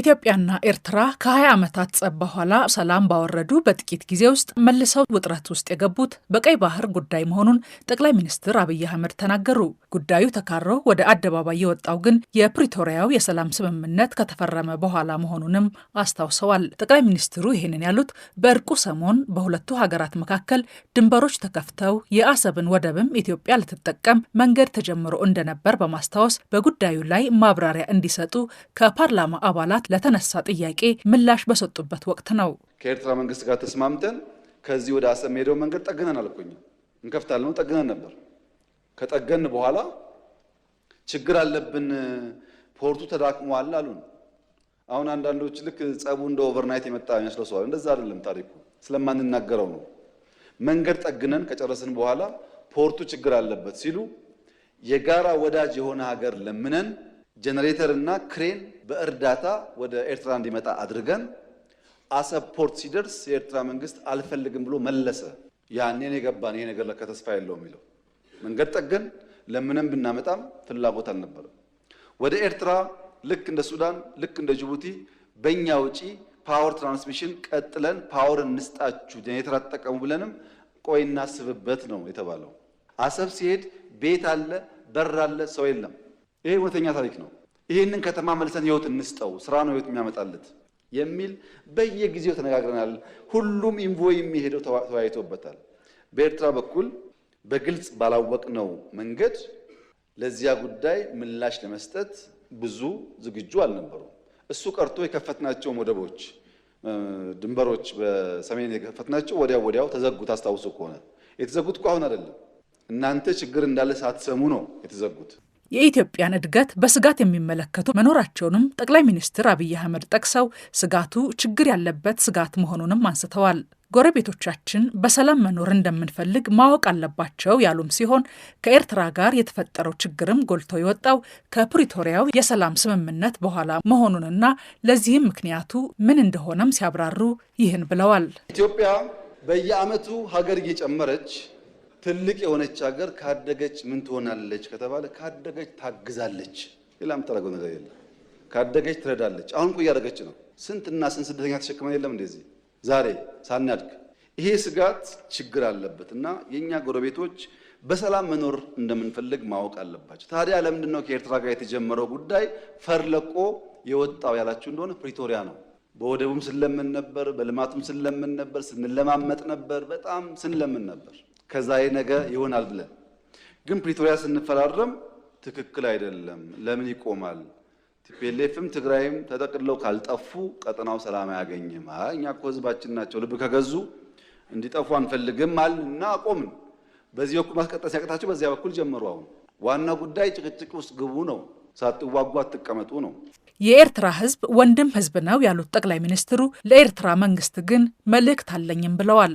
ኢትዮጵያና ኤርትራ ከ20 ዓመታት ጸብ በኋላ ሰላም ባወረዱ በጥቂት ጊዜ ውስጥ መልሰው ውጥረት ውስጥ የገቡት በቀይ ባህር ጉዳይ መሆኑን ጠቅላይ ሚኒስትር አብይ አህመድ ተናገሩ። ጉዳዩ ተካረው ወደ አደባባይ የወጣው ግን የፕሪቶሪያው የሰላም ስምምነት ከተፈረመ በኋላ መሆኑንም አስታውሰዋል። ጠቅላይ ሚኒስትሩ ይህንን ያሉት በእርቁ ሰሞን በሁለቱ ሀገራት መካከል ድንበሮች ተከፍተው የአሰብን ወደብም ኢትዮጵያ ልትጠቀም መንገድ ተጀምሮ እንደነበር በማስታወስ በጉዳዩ ላይ ማብራሪያ እንዲሰጡ ከፓርላማ አባላት ለማስወጣት ለተነሳ ጥያቄ ምላሽ በሰጡበት ወቅት ነው። ከኤርትራ መንግስት ጋር ተስማምተን ከዚህ ወደ አሰብ ሄደው መንገድ ጠግነን አልኩኝ እንከፍታለን ነው ጠግነን ነበር። ከጠገን በኋላ ችግር አለብን፣ ፖርቱ ተዳክሟል አሉን። አሁን አንዳንዶች ልክ ጸቡ እንደ ኦቨርናይት የመጣ ይመስለዋል። እንደዛ አይደለም ታሪኩ፣ ስለማንናገረው ነው። መንገድ ጠግነን ከጨረስን በኋላ ፖርቱ ችግር አለበት ሲሉ የጋራ ወዳጅ የሆነ ሀገር ለምነን ጄኔሬተር እና ክሬን በእርዳታ ወደ ኤርትራ እንዲመጣ አድርገን አሰብ ፖርት ሲደርስ የኤርትራ መንግስት አልፈልግም ብሎ መለሰ። ያኔን የገባን ይሄ ነገር ለካ ተስፋ የለው የሚለው መንገድ ጠገን ለምንም ብናመጣም ፍላጎት አልነበረም። ወደ ኤርትራ ልክ እንደ ሱዳን ልክ እንደ ጅቡቲ በእኛ ውጪ ፓወር ትራንስሚሽን ቀጥለን ፓወር እንስጣችሁ ጄኔሬተር አትጠቀሙ ብለንም ቆይ እናስብበት ነው የተባለው። አሰብ ሲሄድ ቤት አለ፣ በር አለ፣ ሰው የለም። ይሄ እውነተኛ ታሪክ ነው። ይህንን ከተማ መልሰን ህይወት እንስጠው፣ ስራ ነው ህይወት የሚያመጣለት የሚል በየጊዜው ተነጋግረናል። ሁሉም ኢንቮይ የሚሄደው ተወያይቶበታል። በኤርትራ በኩል በግልጽ ባላወቅነው መንገድ ለዚያ ጉዳይ ምላሽ ለመስጠት ብዙ ዝግጁ አልነበሩም። እሱ ቀርቶ የከፈትናቸው ወደቦች፣ ድንበሮች በሰሜን የከፈትናቸው ወዲያው ወዲያው ተዘጉት። ታስታውሱ ከሆነ የተዘጉት እኮ አሁን አይደለም እናንተ ችግር እንዳለ ሳትሰሙ ነው የተዘጉት። የኢትዮጵያን እድገት በስጋት የሚመለከቱ መኖራቸውንም ጠቅላይ ሚኒስትር አብይ አህመድ ጠቅሰው ስጋቱ ችግር ያለበት ስጋት መሆኑንም አንስተዋል። ጎረቤቶቻችን በሰላም መኖር እንደምንፈልግ ማወቅ አለባቸው ያሉም ሲሆን ከኤርትራ ጋር የተፈጠረው ችግርም ጎልቶ የወጣው ከፕሪቶሪያው የሰላም ስምምነት በኋላ መሆኑንና ለዚህም ምክንያቱ ምን እንደሆነም ሲያብራሩ ይህን ብለዋል። ኢትዮጵያ በየዓመቱ ሀገር እየጨመረች ትልቅ የሆነች ሀገር ካደገች ምን ትሆናለች ከተባለ ካደገች ታግዛለች። ሌላም የምታደርገው ነገር የለም። ካደገች ትረዳለች። አሁን እኮ እያደረገች ነው። ስንትና ስንት ስደተኛ ተሸክመን የለም እንደዚህ ዛሬ ሳናድግ። ይሄ ስጋት ችግር አለበት እና የእኛ ጎረቤቶች በሰላም መኖር እንደምንፈልግ ማወቅ አለባቸው። ታዲያ ለምንድን ነው ከኤርትራ ጋር የተጀመረው ጉዳይ ፈርለቆ የወጣው ያላችሁ እንደሆነ ፕሪቶሪያ ነው። በወደቡም ስንለምን ነበር፣ በልማቱም ስንለምን ነበር፣ ስንለማመጥ ነበር፣ በጣም ስንለምን ነበር። ከዛሬ ነገ ይሆናል ብለን ግን ፕሪቶሪያ ስንፈራረም ትክክል አይደለም። ለምን ይቆማል? ቲፒኤልኤፍም ትግራይም ተጠቅልለው ካልጠፉ ቀጠናው ሰላም አያገኝም። እኛ እኮ ህዝባችን ናቸው፣ ልብ ከገዙ እንዲጠፉ አንፈልግም አልና አቆምን። በዚህ በኩል ማስቀጠል ሲያቅታቸው በዚያ በኩል ጀመሩ። አሁን ዋና ጉዳይ ጭቅጭቅ ውስጥ ግቡ ነው፣ ሳትዋጉ አትቀመጡ ነው። የኤርትራ ህዝብ ወንድም ህዝብ ነው ያሉት ጠቅላይ ሚኒስትሩ ለኤርትራ መንግስት ግን መልእክት አለኝም ብለዋል።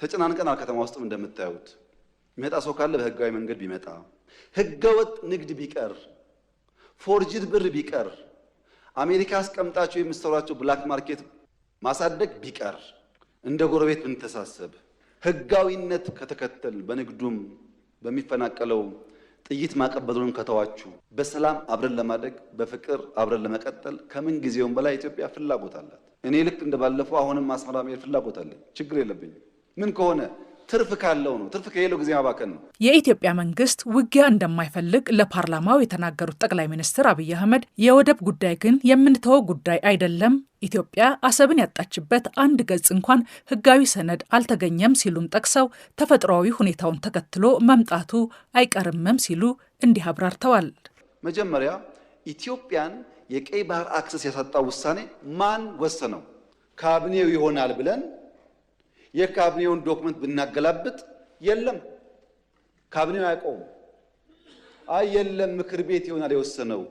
ተጨናንቀናል። ከተማ ውስጥም እንደምታዩት የሚመጣ ሰው ካለ በህጋዊ መንገድ ቢመጣ፣ ህገወጥ ንግድ ቢቀር፣ ፎርጅድ ብር ቢቀር፣ አሜሪካ አስቀምጣቸው የምትሰሯቸው ብላክ ማርኬት ማሳደግ ቢቀር፣ እንደ ጎረቤት ብንተሳሰብ፣ ህጋዊነት ከተከተል በንግዱም በሚፈናቀለው ጥይት ማቀበሉን ከተዋችሁ በሰላም አብረን ለማደግ በፍቅር አብረን ለመቀጠል ከምን ጊዜውም በላይ ኢትዮጵያ ፍላጎት አላት። እኔ ልክ እንደባለፈው አሁንም አስመራ መሄድ ፍላጎት አለኝ። ችግር የለብኝም። ምን ከሆነ ትርፍ ካለው ነው። ትርፍ ከሌለው ጊዜ ማባከን ነው። የኢትዮጵያ መንግስት ውጊያ እንደማይፈልግ ለፓርላማው የተናገሩት ጠቅላይ ሚኒስትር አብይ አህመድ የወደብ ጉዳይ ግን የምንተወው ጉዳይ አይደለም፣ ኢትዮጵያ አሰብን ያጣችበት አንድ ገጽ እንኳን ህጋዊ ሰነድ አልተገኘም ሲሉም ጠቅሰው ተፈጥሯዊ ሁኔታውን ተከትሎ መምጣቱ አይቀርምም ሲሉ እንዲህ አብራርተዋል። መጀመሪያ ኢትዮጵያን የቀይ ባህር አክሰስ ያሳጣው ውሳኔ ማን ወሰነው? ካቢኔው ይሆናል ብለን የካቢኔውን ዶክመንት ብናገላብጥ የለም፣ ካቢኔው አያውቀውም። አይ የለም ምክር ቤት ይሆናል የወሰነው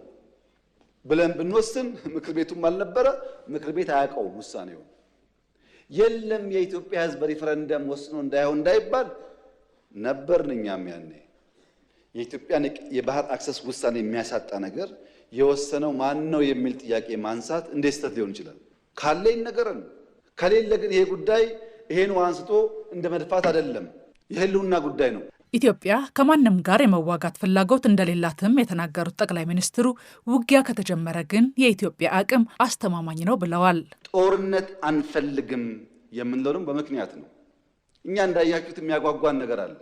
ብለን ብንወስን ምክር ቤቱም አልነበረ፣ ምክር ቤት አያውቀውም ውሳኔውን። የለም የኢትዮጵያ ሕዝብ በሪፈረንደም ወስኖ እንዳይሆን እንዳይባል ነበርን እኛም ያኔ የኢትዮጵያን የባህር አክሰስ ውሳኔ የሚያሳጣ ነገር የወሰነው ማን ነው የሚል ጥያቄ ማንሳት እንዴት ስህተት ሊሆን ይችላል? ካለ ይነገረን። ከሌለ ግን ይሄ ጉዳይ ይሄን ውሃ አንስቶ እንደ መድፋት አይደለም፣ የህልውና ጉዳይ ነው። ኢትዮጵያ ከማንም ጋር የመዋጋት ፍላጎት እንደሌላትም የተናገሩት ጠቅላይ ሚኒስትሩ ውጊያ ከተጀመረ ግን የኢትዮጵያ አቅም አስተማማኝ ነው ብለዋል። ጦርነት አንፈልግም የምንለውም በምክንያት ነው። እኛ እንዳያችሁት የሚያጓጓን ነገር አለ።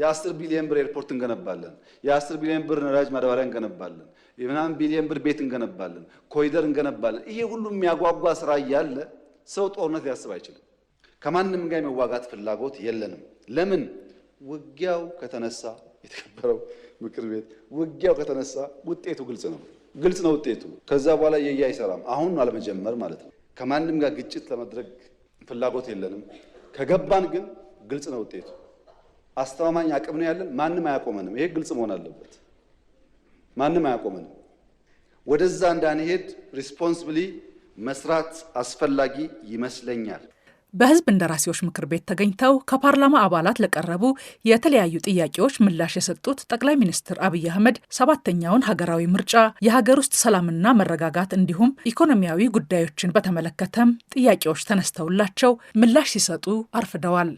የአስር ቢሊዮን ብር ኤርፖርት እንገነባለን። የአስር ቢሊዮን ብር ነዳጅ ማዳበሪያ እንገነባለን። የምናምን ቢሊዮን ብር ቤት እንገነባለን፣ ኮሪደር እንገነባለን። ይሄ ሁሉ የሚያጓጓ ስራ እያለ ሰው ጦርነት ሊያስብ አይችልም። ከማንም ጋር የመዋጋት ፍላጎት የለንም። ለምን? ውጊያው ከተነሳ የተከበረው ምክር ቤት ውጊያው ከተነሳ ውጤቱ ግልጽ ነው። ግልጽ ነው ውጤቱ። ከዛ በኋላ የየ አይሰራም። አሁን አለመጀመር ማለት ነው። ከማንም ጋር ግጭት ለመድረግ ፍላጎት የለንም። ከገባን ግን ግልጽ ነው ውጤቱ። አስተማማኝ አቅም ነው ያለን። ማንም አያቆመንም። ይሄ ግልጽ መሆን አለበት። ማንም አያቆመንም። ወደዛ እንዳንሄድ ሪስፖንስብሊ መስራት አስፈላጊ ይመስለኛል። በህዝብ እንደራሴዎች ምክር ቤት ተገኝተው ከፓርላማ አባላት ለቀረቡ የተለያዩ ጥያቄዎች ምላሽ የሰጡት ጠቅላይ ሚኒስትር አብይ አህመድ ሰባተኛውን ሀገራዊ ምርጫ፣ የሀገር ውስጥ ሰላምና መረጋጋት እንዲሁም ኢኮኖሚያዊ ጉዳዮችን በተመለከተም ጥያቄዎች ተነስተውላቸው ምላሽ ሲሰጡ አርፍደዋል።